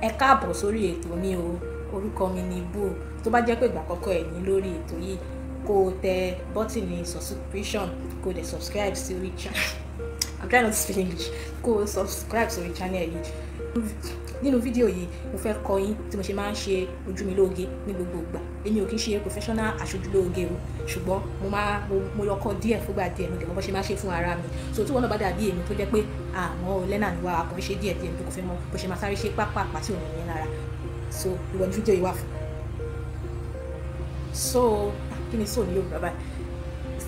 ẹ káàbọ̀ sórí ètò mi o orúkọ mi ni Boo tó bá jẹ́ pé ìgbà àkọ́kọ́ ẹ̀ ní lórí ètò yìí kó o tẹ bọ́tìnì subscription kó o dẹ̀ subscribe sí orí channel i'm trying not to speak english kó o subscribe sórí channel yìí nínú fídíò yìí mo fẹ́ kọ́ yín tí mo ṣe máa ń ṣe ojú mi lóge ní gbogbo ìgbà èmi ò kí ń ṣe professional aṣojú lóge o ṣùgbọ́n mo máa mo lọ kọ́ díẹ̀ fúngbà díẹ̀ mo dẹ̀ mọ́ ṣe máa ṣe fún ara mi so tí wọ́n náà bá dàbí èmi tó jẹ́ pé àmọ́ lẹ́nà ni wà á kàn ṣe díẹ̀ díẹ̀ tó kò fẹ́ mọ bó ṣe máa sáré ṣe pápá àpàtì òun ní lára so ìwọ ni fídíò yìí wà fún so kí ni so ní Yorùbá báyìí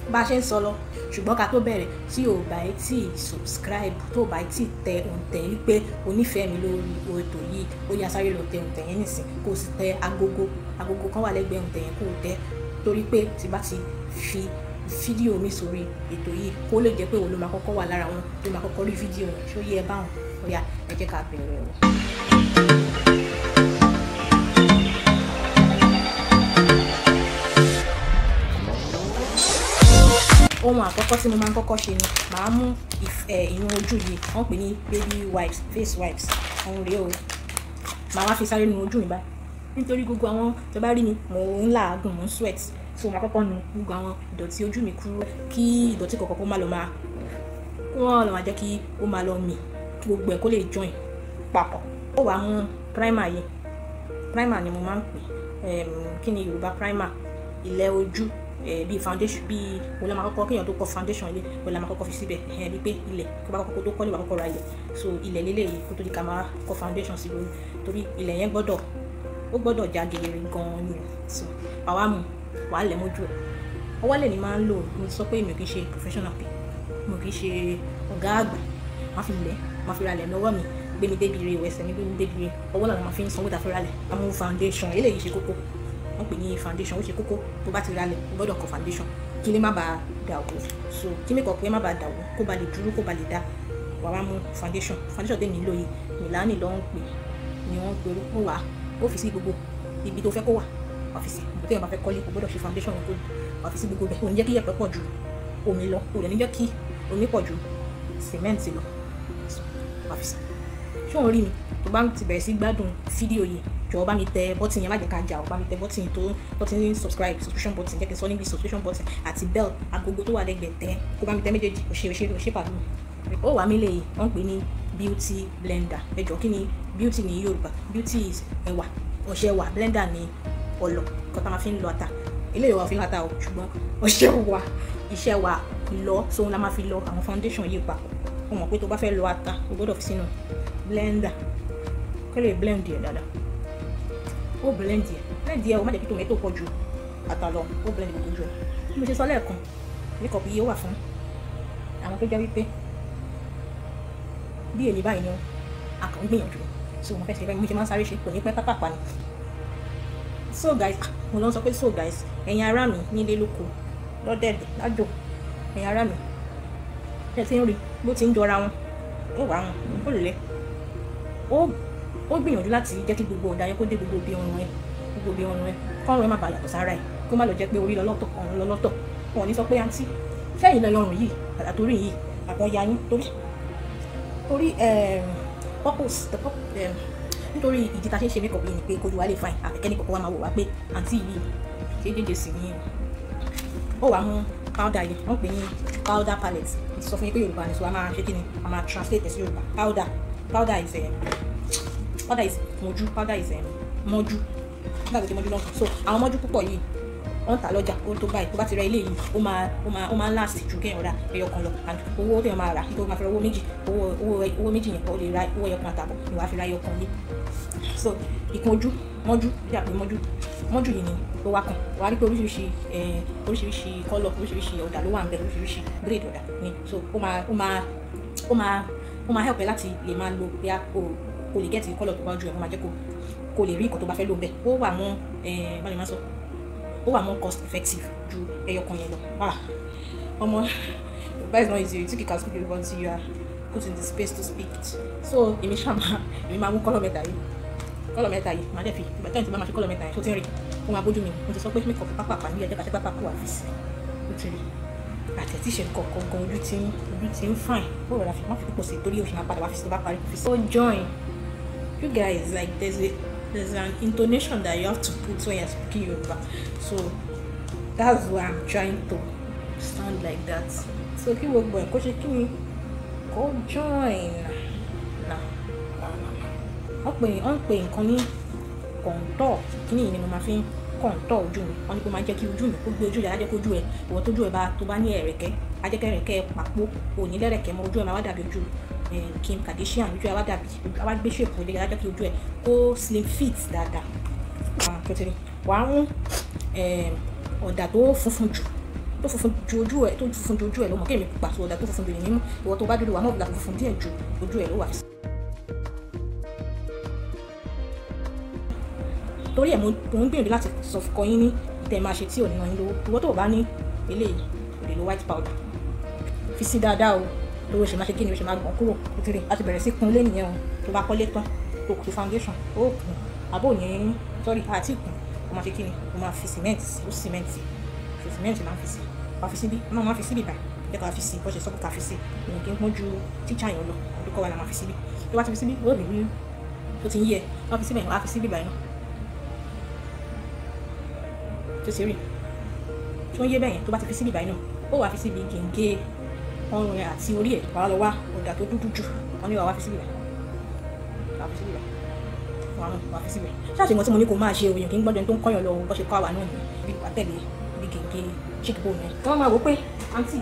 bá a ṣe ń sọ lọ ṣùgbọ́n ká tó bẹ̀rẹ̀ tí o bá ì tí subscribe tó o bá ì tí ì tẹ òǹtẹ̀ wípé onífẹ̀ẹ́ mi lórí ètò yìí ó yá sáré lọ tẹ òǹtẹ̀ yẹn nìsín kó o sì tẹ agogo agogo kan wà lẹ́gbẹ̀ẹ́ òǹtẹ̀ yẹn kó o tẹ torí pé tí bá ti fi fídíò mi sórí ètò yìí kó lè jẹ́ pé òun ló máa kọ́kọ́ wà lára wọn ló máa kọ́kọ́ rí fídíò yẹn ṣó yẹ báwọn ó ẹ jẹ́ ká bẹ̀rẹ̀ o. àkọ́kọ́ tí mo máa ń kọ́kọ́ ṣe ni màá mú ìyún ojú yìí wọ́n pè ní baby wipes face wipes òun rèé o màá wá fi sáré nu ojú mi báyìí nítorí gbogbo àwọn tó bá rí mi mò ń làágùn mò ń sweat so màá kọ́kọ́ nu gbogbo àwọn ìdọ̀tí ojú mi kúrò kí ìdọ̀tí kọ̀ọ̀kan kó má lọ máa kó wọ́n lọ máa jẹ́ kí ó máa lọ mì kí gbogbo ẹ̀ kó lè join papọ̀ ó wà àwọn primer yìí primer ni mo máa ń pè kí ni Yorùbá primer ilẹ̀ ojú Eh, bíi foundation bíi mo la máa kọ́kọ́ kéèyàn tó kọ́ foundation ilé mo la máa kọ́kọ́ fi síbẹ̀ ẹ̀hẹ́n bíi pé ilẹ̀ kó bá kọ́kọ́ tó kọ́lé wà kọ́kọ́ ra ilẹ̀ so ilẹ̀ lélẹ́yìí kó tó di ká máa kọ́ foundation sí lórí torí ilẹ̀ yẹn gbọ́dọ̀ ó gbọ́dọ̀ já gèrè gan-an ni so àwa mu wa lẹ̀ mójú ẹ̀ ọwọ́ lẹ̀ ni máa ń lò mo sọ pé mi ò kì í professional pe. mo kì í ṣe ọ̀gá àgbà máa fi lẹ̀ máa fi ra lẹ̀ lọ́wọ́ mi gbé mi débi re ìwẹ̀sẹ̀ mi gbé mi débi re ọwọ́ làwọn máa fi ń sanwó ìdáfẹ́ra lẹ̀ amú foundation eléyìí ṣe kókó wọ́n pè ní foundation ó ṣe kókó tó bá ti ralẹ̀ o gbọ́dọ̀ kọ foundation kí lè má bàa dà o so kí mi kọ̀ pé má bàa dà o kó ba lè dúró kó ba lè dá wàá wá mú foundation foundation tèmi ń lò yìí Milani ló ń pè ni wọ́n pe orúkọ wá ọ́fíìsì gbogbo ibi tó fẹ́ kó wà ọ́fíìsì ibi tó yẹ máa fẹ́ kọ́lé o gbọ́dọ̀ ṣe foundation gbogbo ọ́fíìsì gbogbo bẹ́ẹ̀ òun jẹ́ kí yẹ̀pẹ̀ pọ̀ ju omi lọ òun ní jẹ́ kí omi pọ̀ ju cement lọ ọ́fíìsì ṣóun rí mi tó bá ti bẹ̀rẹ̀ sí gbádùn fídíò yìí jọ̀ọ́ bá mi tẹ bọ́tìn yẹn má jẹ́ ká jà ọ́ bá mi tẹ bọ́tìn tó bọ́tìn subscribe subscription button jẹ́ kí n sọ níbi subscription button àti bell agogo tó wà lẹ́gbẹ̀ẹ́ tẹ kó bá mi tẹ méjèèjì òṣè òṣè òṣè pàdé ó wà mí lè wọ́n pè ní beauty blender ẹ jọ̀ọ́ kí ni beauty ní Yorùbá beauty is ẹ̀wà ọṣẹ wà blender ní ọlọ kọta máa fi ń lọ ata ilé ìwà òfin ata o ṣùgbọ́n ọṣẹ wà iṣẹ́ wa lọ sóhun la máa fi lọ àwọn foundation yìí papọ̀ ó mọ̀ pé tó bá fẹ́ lọ ata o gbọ́dọ̀ fi sínú blender kó blend yẹ dáadáa ó blend yẹ blend yẹ o má jẹ́ kí tomato pọ̀ ju ata lọ blend yẹ tó ju ẹ̀ bí mo ṣe sọ lẹ́ẹ̀kan makeup yìí ó wà fún àwọn tó jẹ́ wípé bí èmi báyìí ni a kàn gbìyànjú so mo fẹ́ ṣe báyìí mo ṣe máa ń sáré ṣe kò ní pẹ́ pápápá ni so guys ah, mo lọ sọ pé so guys ẹ̀yin ará mi nílé lóko lọ́dẹ̀dẹ̀ lájò ẹ̀yin ará mi ẹ̀ ti ń rí bó ti ń jọra wọn ó wà wọn ó lẹ̀ ó gbìyànjú láti jẹ́ kí gbogbo ọ̀dà yẹn kó dé gbogbo ibi ọrùn ẹ gbogbo ibi ọrùn ẹ kọ́rùn ẹ má bàa yàtọ̀ sára ẹ kó má lọ jẹ́ pé orí lọ́lọ́tọ̀ ọ̀run lọ́lọ́tọ̀ wọn ò ní sọ pé àǹtí fẹ́yìn lọ́rùn yìí àtàtórí yìí àkànyà yín torí torí ehm, purpose the purpose ehm, nítorí ìdí ta ṣe ń ṣe makeup yìí ni pé kojú wa lè fine àbẹ̀kẹ́ni kọ̀ọ̀kan wa máa wò wá pé àǹtí yìí ṣé dédé sí ni ó wàá mú powder yìí wọ́n pè ní powder palette sọ fún yín pé yorùbá ni so a máa ṣe kí ni a máa translate ẹ̀ sí yorùbá powder powder is um, powder is moju. powder is um, mọ́jú nígbà tó ti mọ́jú lọ́nà so àwọn mọ́jú púpọ̀ yìí wọ́n tà lọ́jà ó tó báyìí tó bá ti rẹ ilé yìí ó máa ó máa ó máa ń last ju kéèyàn ra ẹyọ kan lọ and owó téèyàn máa rà nítorí máa fi ra owó méjì owó owó owó méjì yẹn kọ́ lè ra owó ẹyọ kan àtàbọ̀ ni wàá fi ra ẹyọ kan lé so ìkunjú mọ́jú yíyà pé mọ́jú mọ́jú yìí ni ló wá kàn wà á rí pé oríṣiríṣi eh, oríṣiríṣi kọ́lọ̀ oríṣiríṣi ọ̀dà ló wà ń bẹ oríṣiríṣi grade ọ̀dà ni so ó máa ó máa ó máa ó máa help ẹ láti lè máa lo bí a kò kò lè get kọ́lọ̀ tó bá ju ẹ̀ wọ́n máa jẹ́ kó kó lè rí nǹkan tó bá fẹ́ lò ń ó wà mọ́ báyìí máa sọ ó wà mọ́ cost effective ju ẹyọ kan yẹn lọ ọmọ that is not easy you think you can speak it you are put in the space to speak it so èmi ṣàmà èmi máa mú kọ́lọ̀ mẹ́ta yìí kọ́lọ̀ mẹ́ta yìí màá dẹ̀ fi ìgbà tẹ́yìn tí máa fi kọ́lọ̀ mẹ́ta yẹn tó ti ń ó máa bójú mi mo ti sọ pé make up pápá pàmí ẹ̀jẹ̀ pàṣẹ pápá kó wà ó ti rí àtẹ̀tíṣe kọ̀ọ̀kan gan ojú ti ń ojú ti ń fine ó rọra fi má fi pọ̀ sí torí òṣèlú àpàdé wá fi sí parí fi sí. so join you guys like there's a there's an intonation that you have to put when you're speaking Yoruba so that's why i'm trying to sound like that so kí gbogbo ẹ̀ kó ṣe kí ni kó join na wọ́n pè nǹkan ní kọ̀ǹtọ̀ kí ni ìní mo máa fi ń kàn tọ́ ojú mi wọ́n ní kó máa jẹ́ kí ojú mi kó gbé ojú rẹ̀ á jẹ́ kó ojú rẹ̀ ìwọ́n tójú ẹ̀ bá tó bá ní ẹ̀rẹ̀kẹ́ á jẹ́ kẹ́rẹ̀kẹ́ pàpọ̀ òní lẹ́rẹ̀kẹ́ mọ ojú ẹ̀ máa wá dàbí ojú eh, Kim Kardashian ojú ẹ̀ wá dàbí wá gbé ṣèpù ilé á jẹ́ kí ojú ẹ̀ kó slim fit dáadáa wàá mú eh, ọ̀dà tó funfun jù tó funfun ju ojú ẹ̀ tó funfun ju ojú ẹ̀ ló mọ̀ kéèmí pàṣẹ ọ̀dà tó funfun jù nínú ìwọ́n tó bá dúró wà mọ́ ọ̀dà funfun díẹ̀ ju ojú ẹ̀ ló wà sí. torí ẹ̀ mo ń gbìyànjú láti sọ fún yín ní ìtẹ̀ máa ṣe tí ò ní ran yín lówó ìwọ tó o bá ní eléyìí o lè lo white powder fi sí dáadáa o lówó ṣe máa ṣe kí ni o ṣe máa gbọ̀n kúrò o ti rí a ti bẹ̀rẹ̀ sí kun lé nìyẹn o tó bá kọ́lé tán o kù foundation o kùn àbò yẹn sọ́rí àti kùn o máa ṣe kí ni o máa fi cement o cement fi cement máa fi sí wàá fi síbí máa máa fi síbí báyìí jẹ́ ká fi sí bó ṣe sọ́kù ká fi sí ìwọ̀n kí n pọ́n ju tíṣà yẹn lọ àdúgbò wa la máa fi síbí tó bá ti fi síbí ó rí bí ó ti ń yẹ wàá fi síbẹ̀ wàá fi síbí báyìí náà fèsì rè tí ó yé bẹ́yẹn tó bá ti fi síbi ìbáyìí náà ó wàá fi síbi gègé ọrùn rẹ àti orí ẹ wàá lọ wá ọ̀dà tó dúdú jù wọn ní wàá fi síbi ìbáyìí wàá fi síbi ìbáyìí wàá fi síbi ìbáyìí ṣáà ṣe mọ́ tí mo ní kó máa ṣe òyìn kí n gbọ́dọ̀ tó ń kọ́yàn lọ bó ṣe kọ́ àwa náà níbi wàá tẹ̀lé ibi gègé cheekbone ẹ. wọ́n máa wò pé àǹtí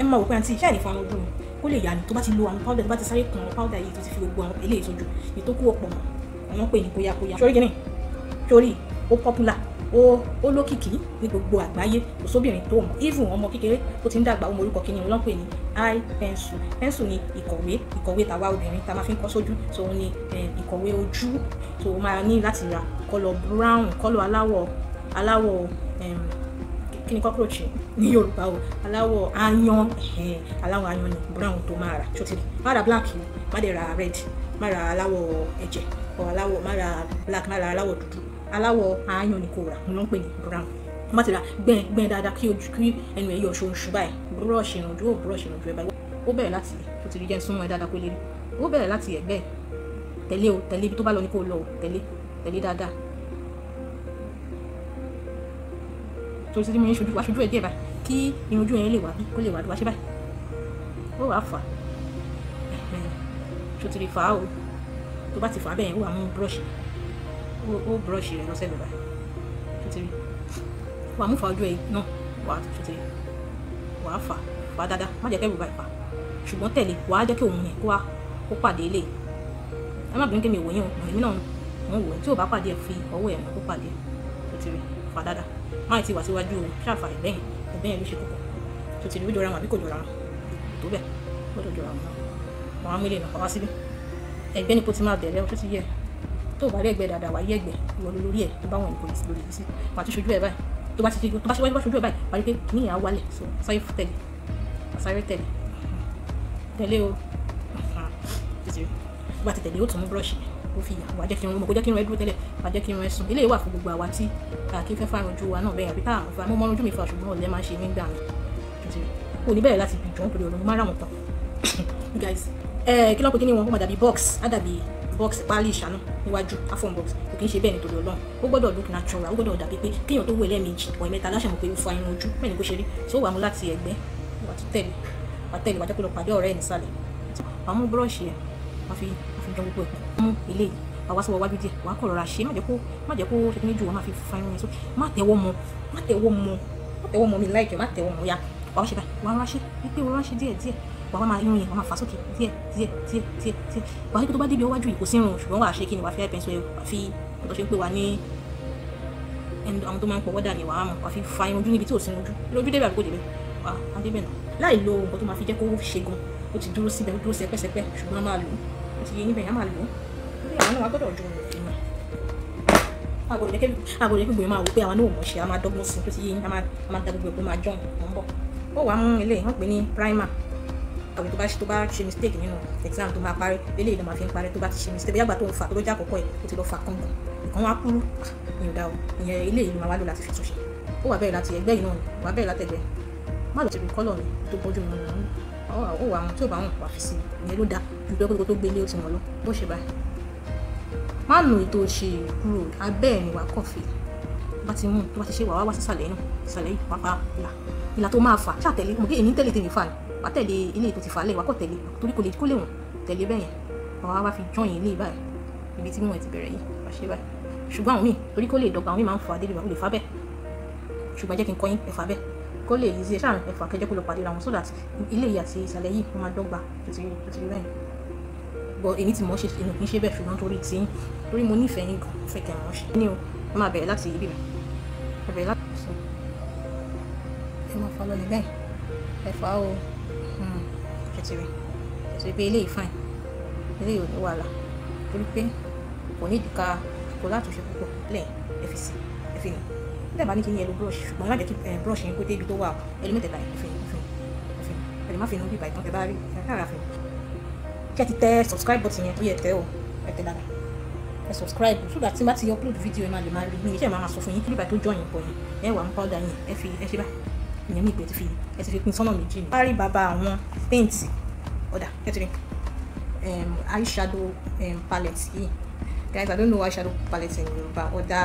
ẹ máa wò pé àǹtí iṣẹ́ ìfọ̀n ojú mi kó lè yá ni tó bá ti lo àwọn powder tó bá ti sáré kun àwọn powder yìí tó ti fi gbogbo àwọn eléyìí sójú ètò kú ọ̀pọ̀ mọ́ àwọn pè ní kóyákóyá. sórí kìnnì sórí ó popular ó ó lókìkí ní gbogbo àgbáyé kò sóbìnrin tó mọ̀ even ọmọ kékeré ó ti ń dàgbà ọmọ orúkọ kìíní lọ́pẹ́ ní i pencil pencil ni ìkọ̀wé ìkọ̀wé tàwa obìnrin tá a máa fi ń kọ́ sójú so ó ní ìkọ̀wé ojú so ó máa ní láti ra kọ́lọ̀ brown kọ́lọ̀ aláwọ̀ aláwọ̀ kí ni cockroach ní yorùbá o aláwọ̀ ayan aláwọ̀ ayan ni brown tó máa rà ṣòtìlì má ra black o má dẹ̀ ra red má ra aláwọ̀ ẹ̀jẹ̀ ọ̀ aláwọ̀ má ra black má ra aláwọ̀ dúdú aláwọ̀ ààyàn ni kò rà ló ń pè ní brown má ti ra gbẹ̀n gbẹ̀n dáadáa kí ojú kí ẹnu ẹ̀ yọ ṣoṣo báyìí búrọ̀ṣì ìrànjú ò búrọ̀ṣì ìrànjú ẹ̀ báyìí ó bẹ̀rẹ̀ láti ó ti rí jẹ́ súnmọ́ ẹ dáadáa pé lérí ó bẹ̀rẹ̀ láti ẹ̀gbẹ́ tẹ̀lé o tẹ̀lé ibi tó bá lọ ní kó lọ o tẹ̀lé tẹ̀lé dáadáa tó ti rí mi ní ṣojú aṣojú ẹ̀ díẹ̀ báyìí kí irun ojú yẹn lè wá kó lè wá dùn wá o tó bá o brush rẹ̀ lọ́sẹ̀ lọ́ba ṣètìrí wàá mú fa ojú ẹ náà wàá ṣètìrí wàá fà fà dáadáa má jẹ́ kẹ́rù bá ìfà ṣùgbọ́n tẹ̀lé wàá jẹ́ kí òun yẹn kó wá kó pàdé ilé ẹ má bínú kí mi wò yín o èmi náà mo wò ó tí ò bá pàdé ẹ fi ọwọ́ ẹ̀ mọ́ kó pàdé ṣètìrí fà dáadáa má ti wà síwájú o ṣáàfà ẹ̀bẹ́yìn ẹ̀bẹ́yìn ló ṣe kókó ṣètìrí ó jọra wọn àbí kò jọra wọn tó bẹ́ẹ̀ ó jọra wọn àwọn amílẹ̀ náà wá ẹgbẹ́ ni kò ti máa bẹ̀rẹ̀ ọtún ti yẹ tó bá rí ẹgbẹ́ dáadáa wà rí ẹgbẹ́ ìwọ ló lórí ẹ̀ tó bá wọn ìkòyí sí lórí ìbísí wà á ti ṣojú ẹ̀ báyìí tó bá ti ṣe tó bá ṣe wáyé bá ṣojú ẹ̀ báyìí wà á rí pé níyàn á wálẹ̀ so sáré tẹ̀lé sáré tẹ̀lé tẹ̀lé o bá ti tẹ̀lé o tún mú búrọ̀ṣì ó fi yà wà á jẹ́ kí irun mọ̀ kó jẹ́ kí irun ẹ dúró tẹ́lẹ̀ wà á jẹ́ kí irun ẹ sùn eléyìí wà fún gbogbo àwa tí kí n fẹ́ fárun ojú wa náà bẹ́ẹ̀ àbí táà fa mo mọ́rún ojú mi fa ṣùgbọ́n ọ̀lẹ́ máa ń ṣe mí gbà mí kò ní bẹ̀rẹ̀ láti bìjọ́ nítorí ọ̀run mo máa ń rà tán guys eh, kí ló ń pè kí ni wọn ó máa dàbí box á dàbí box pálí ìṣáná níwájú afọ́n box kò kí ń ṣe bẹ́ẹ̀ nítorí ọlọ́run ó gbọ́dọ̀ look natural ó gbọ́dọ̀ dàbí pé kéèyàn tó wọ ẹlẹ́ẹ̀mejì ọ̀ ẹ̀mẹ́ta láṣà mọ̀ pé ó fa irun ojú bẹ́ẹ̀ ni kò ṣe rí tí ó wà mú láti ẹ̀gbẹ́ wà tó tẹ̀lé wà tẹ̀lé wà jẹ́ pé lọ pàdé ọ̀rẹ́ ẹ̀ nísàlẹ̀ wà mú búrọ̀ṣì ẹ̀ wà fi jọ gbogbo ẹ̀ mú ilé yìí àwa sọ wájú díẹ̀ wàá kọ̀ rọra ṣe má jẹ́ kó má jẹ́ kó ṣe kí ní ju wọn má fi fa irun yẹn sókè má tẹ̀wọ́ mọ́ má tẹ̀wọ́ mọ́ má wà wá máa irun yẹn wà máa fà sókè díẹ̀ díẹ̀ díẹ̀ díẹ̀ wà á rí tó bá débi ọwájú yìí kò sí irun ṣùgbọ́n wà á ṣe kí ni wà á fi ẹ̀ pẹ̀nsọ̀ wà á fi ọ̀dọ̀ ṣe ń pè wá ní ẹni àwọn tó máa ń pọ̀ wọ́dà ni wà á mọ̀ wà á fi fa irun ojú níbi tí ò sí irun ojú lójú débẹ̀ débẹ̀ wà á débẹ̀ náà láì lo nǹkan tó máa fi jẹ́ kó ṣe gan ó ti dúró síbẹ̀ dúró sẹpẹ́sẹpẹ́ ṣùgbọ́n máa lò ó ti yé yín bẹ̀yẹn máa lò ó lórí kí gbòmí máa wò pé àwọn náà mọ̀ ṣe a máa dọ́gbọ́n sí i tó ti yé a máa da gbogbo ẹ̀ pé máa jọ̀ ń bọ̀ ó wàá mú ilé wọ́n pè ní primer àwọn tó bá tó bá ṣe mistake nínú exam tó máa parí eléyìí ló máa fi ń parí tó bá ti ṣe mistake yàgbà tó ń fa tó ló jẹ́ àkọ́kọ́ ẹ̀ ó ti lọ fa kọ̀ǹgàn ìkan wá kúrú mi ò dá o ìyẹn eléyìí ló máa wá lò láti fi túnṣe ó wà bẹ́ẹ̀ láti ẹgbẹ́ yìí náà ni wà bẹ́ẹ̀ látẹ̀gbẹ́ má lọ síbi kọ́lọ̀ mi tó bójú mu nù ó wà àwọn tí ò bá wọn wà fi sí ìyẹn ló dáa ju dọ́kítà tó gbélé ó ti wọn lọ bó ṣe báyìí má nù ètò òṣì kúrò abẹ́ ẹ̀rìn wà kọ̀fì bá ti mú tó bá ti ṣe wà wá wá sísàlẹ̀ náà ìsàlẹ̀ yìí pàápàá ìlà ìlà tó máa fà ṣàtẹ̀lé mo kí èyí ní tẹ̀lé tèmi fà ni wàá tẹ̀lé ilé tó ti fà á lẹ̀ wàá kọ̀ tẹ̀lé torí kò lè kó lè wọ̀n tẹ̀lé bẹ́yẹn wàá wá fi join ilé báyìí ibi tí wọ́n ti bẹ̀rẹ̀ yìí wàá ṣe báyìí ṣùgbọ́n àwọn míì torí kó lè dọ́gba àwọn míì máa ń fọ adé lè fà bẹ́ẹ̀ ṣùgbọ́n jẹ́ kí n kọ́ yín ẹ̀fà bẹ́ẹ̀ kó lè yí ṣe ṣáà ẹ̀fà kẹjọ́ kó lọ pàdé ra wọn so that ilé yìí àti ìsàlẹ̀ yìí wọ́n máa dọ́gba tètè rí bẹ́ẹ̀ bọ èmi tí mo ṣe èmi kì í ṣe bẹ́ẹ̀ ṣùgbọ́n torí tí torí mo nífẹ̀ẹ́ yín gan fẹ́ kí àwọn ṣe ní o ẹ máa bẹ̀rẹ̀ láti ibi mi ẹ bẹ̀rẹ̀ fa o àti rẹ̀ ẹ̀sùn pé eléyìí fine eléyìí ò ní wàhálà torí pé kò ní ìdíkà kò látúnṣe púpọ̀ lẹ́yìn ẹ fi sí ẹ fi nù ní dàbá ní kí ni ẹ brush ṣùgbọ́n má jẹ́ kí brush yẹn kó dé ibi tó wà ẹ lo mẹ́tẹ̀ẹ̀ta ẹ fi nù ẹ fi nù ẹ fi nù ẹ lè má fi nù bí ìbàdàn ẹ bá rí ẹ rárá kí ẹ ti tẹ subscribe button yẹn tó yẹ tẹ o ẹ tẹ ẹ subscribe so that tí n bá ti upload video ẹ máa lè máa rí mi iṣẹ́ máa máa sọ fún yín kí ló bá tó join pọ̀ yẹn ẹ wà ń powder yẹn ẹ fi ẹ ṣe báyìí ìyẹn ní ìpè ti fi ẹ ti fi pin sọ́nà méjì ni. parí bàbá àwọn painti ọ̀dà kẹtìrín eyeshadow palette yìí guys i don't know eyeshadow palette in Yorùbá ọ̀dà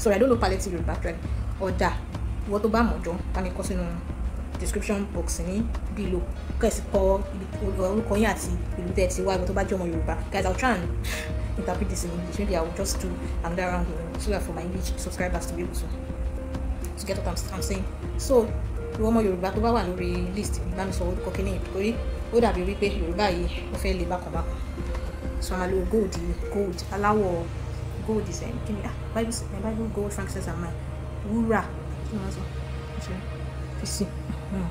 sorry i don't know palette in Yorùbá actually ọ̀dà ìwọ tó bá mọ̀ jọ bá mi kọ sínú description box ní below kẹ̀sì kọ orúkọ yín àti ìlú tẹ̀ ti wá ìwọ tó bá jẹ́ ọmọ Yorùbá guys I'll try and interpret this in English maybe i will just do another round so that for my English subscribers to be able to to get what I'm, I'm saying so ìwọ ọmọ yorùbá tó bá wà lórí list bá mi sọ orúkọ kínní torí ó dàbí wípé yorùbá yìí ó fẹ́ lè bákan bákan so àmà lo gold gold aláwọ̀ gold is ẹ̀yìn eh, kínní ah bible my eh, bible gold frankincense and mine wúrà kí wọ́n sọ fi sí hmm.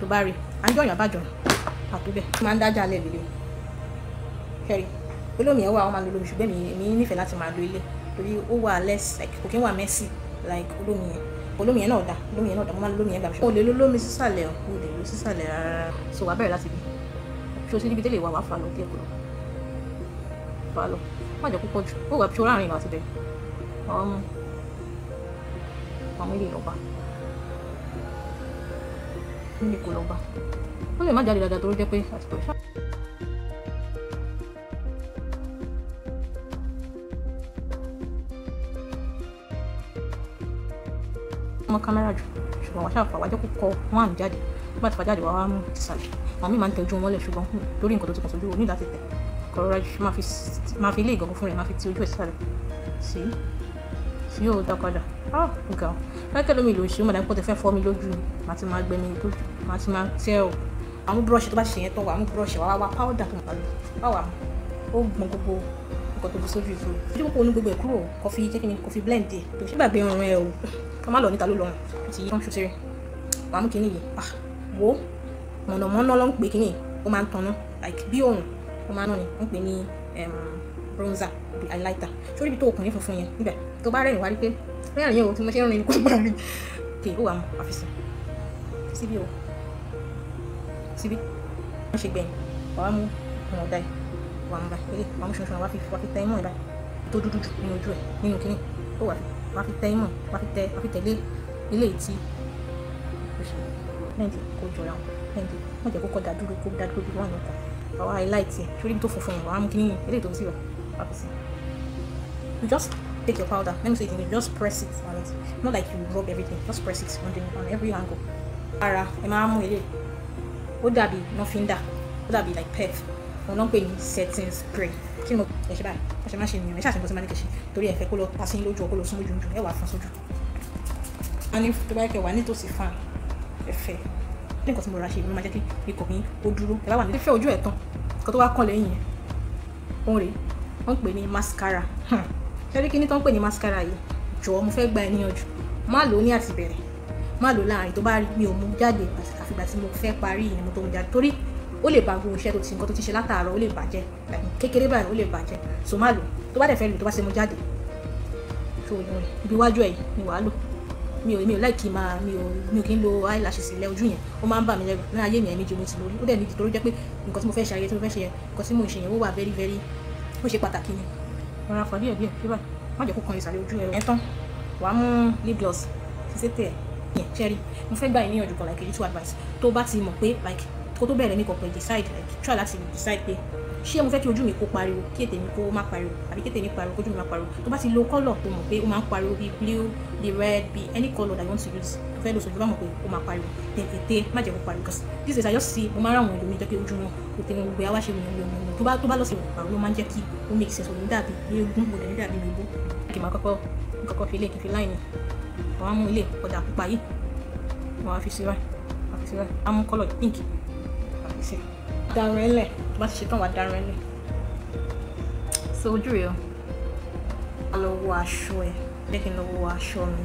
tó bá rí àjọyọ̀ àbájọ àtúbẹ̀ máa ń dájà lẹ́ẹ̀lì lé kẹrin olómi ẹ̀ wà wọ́n máa lo olómi ṣùgbọ́n mi nífẹ̀ẹ́ láti máa lo ilé torí ó wà less like kò kí ń wà messy like olómi yẹn olómi yẹn náà dá olómi yẹn náà dá mo máa ń lómi yẹn gbàgbé. o lè lo lómi sísàlẹ̀ o o lè lo sísàlẹ̀ rárá. so wàá bẹ̀rẹ̀ láti bí ṣo sí níbi tẹ́lẹ̀ wà wàá fà lọ díẹ̀ kúrò fà lọ má jẹ́ púpọ̀ jù ó wà ṣo láàrin ìlú àti bẹ́ẹ̀ ọmọ ọmọ ilé ìlọba ilé kò lọba ó lè má jáde dáadáa torí jẹ́ pé àtìkò ṣáà. mọ́ kámẹ́rà jù ṣùgbọ́n wàá ṣàfà wájọ́ kò kọ wọn àmì jáde nígbà tí fàjáde wàá mú ìsàlẹ̀ àwọn míì máa ń tẹjú mọ́lẹ̀ ṣùgbọ́n lórí nǹkan tó ti kàn sójú oní láti tẹ̀ kọ́rọ́rá jù máa fi ilé ìgangan fún rẹ̀ máa fi ti ojú ẹ̀ sísàlẹ̀ sí sí yóò dá padà ah, ó ga ọ láìpẹ́ lómi ìlú ìṣirò mọ̀dàpọ̀ tẹ fẹ́ fọ́ mi lójú màá ti máa gbẹmí lójú màá ti máa tẹ́ ọ àwọn búrọ̀ṣì tó bá ṣe yẹn tọ̀ wà á mú búrọ̀ṣì wà á wá pàwọ́dà tó máa lò wà á wà ó gbọ̀n gbogbo nǹkan tó bú sójú fún un ojú kòkòrò ní gbogbo ẹ̀ kúrò kò fi jẹ́ kí ni kò fi blend dé tó ṣe gbàgbé ọrùn ẹ o ká má lọ níta ló lọrùn ti yí kọ́ńtù tẹ́rẹ̀ wà á mú kínní yìí ah wo mọ̀nàmọ́ná ló ń pè kínní ó máa ń tanná like bí òrùn ó máa ń nà ní ó ń pè ní bronzer àbí highlighter sórí ibi tó ọkùnrin funfun yẹn níbẹ̀ tó bá rẹ́rìn wá rí pé rẹ́rìn yẹn o tí mo ṣe ń rìn kó gbà mí kè ó wà mọ́ àfisùn síbí o síbí wọ́n ṣe mú ọmọ ọ̀dà yìí wà mú báyìí eré wà mú ṣanṣan wà fi wà fi tẹ imú ẹ báyìí tó dúdú jù nínú ojú ẹ nínú kínní ó wà fi fi tẹ imú wà fi tẹ wà fi tẹlé ilé ìtì lẹ́yìn kò jọra wọn lẹ́yìn tí wọ́n jẹ́ kó kọ́ da dúró kó da dúró bí wọ́n yàn kàn àwa highlight ẹ̀ sórí tó funfun yẹn wàá mú kínní eré tó ń sì wà fi sí you just take your powder let me say it again you just press it on it not like you rub everything just press it on, the, on every angle ara ẹ máa mú eré ó dàbí nọfíńdà ó dàbí like pef ọ̀nà pè ní setting spray kí ni mo ẹ ṣe báyìí ẹ ṣe má ṣe nìyẹn ẹ ṣàṣìǹkan tí mo ní kì í ṣe torí ẹ fẹ́ kó lọ ta sí lójú ọkọ lọ sún lójú ẹ wà fún sójú a ní tó bá yẹ kẹ wà nítòsí fan ẹ fẹ́ ní nǹkan tí mo rà ṣe ìlú máa jẹ́ kí ikọ̀ mi ó dúró ẹ bá wà ní fífẹ́ ojú ẹ̀ tán nǹkan tó wá kàn lẹ́yìn yẹn òun rèé wọ́n pè ní mascara ṣẹ́rí kí ní tó ń pè ní mascara yìí jọ̀ọ́ mo fẹ́ gba ẹníyànjú má lò ó ní àtìbẹ̀rẹ̀ má lò ó láàrin tó bá rí mi ò mú jáde àfìgbà tí mo fẹ́ parí ìyẹn mo tó mú jáde torí ó lè ba gbogbo iṣẹ́ tó ti nǹkan tó ti ṣe látàárọ̀ ó lè bàjẹ́ kékeré báyìí ó lè bàjẹ́ so má lò tó bá dẹ̀ fẹ́ lò tó bá ṣe mú jáde so ibi iwájú ẹ̀ ni wàá lò mi ò mi ò láìkí máa mi ò mi ò kí ń lo eyelashes ilẹ̀ ojú yẹn ó máa ń bà mí lẹ́rù ní ayé mi ẹ̀ méjì mo ti lórí ó dẹ̀ nídìí torí jẹ́ pé nǹkan tí mo fẹ́ ṣe ayé tí mo fẹ́ ṣe yẹn nǹkan tí mo ń ṣe yẹn ó wà very very ó ṣe pàtàkì ni rọra fọ díẹ̀ díẹ̀ fíbà má jẹ́ kó kan ìsàlẹ̀ ojú ẹ̀ ẹ̀ tán wà á mú lip gloss ṣiṣẹ́ tẹ̀ ẹ̀ ṣẹ́rí mo fẹ́ gbà yín níyànjú kan like a little advice tó bá ti mọ̀ pé like kó tó bẹ̀rẹ̀ makeup ẹ̀ decide like try láti decide pé ṣé mo fẹ́ kí ojú mi kó pariwo kí ètè mi kó má pariwo àbí kí ètè mi pariwo kójú mi má pariwo tó bá ti lo colour tó mọ̀ pé ó máa ń pariwo bíi blue bíi red bíi any colour that you want to use mo fẹ́ lo sojú bá mọ̀ pé ó máa pariwo then ètè má jẹ́ kó pariwo because this is i just see mo máa ń ráwọn ẹlòmíì jẹ́ pé ojú wọn ètè wọn gbé aláṣẹ wọn lọ wọn tó bá tó bá lọ sí wọn pariwo máa ń jẹ́ kí ó make sense òní dàbí eégún òní dàbí eégún kì máa kọ́kọ́ kọ́kọ́ fi ilé kì fi láìní àwọn amú ilé ọ̀dà pupa yìí wọ́n á fi síra á fi síra á mú colour pink ṣe dàrún ẹlẹ̀ tó bá ti ṣe tán wà dàrún ẹlẹ̀ so ojú rẹ o a lọ wọ aṣọ ẹ jẹ́ kí n lọ wọ aṣọ mi.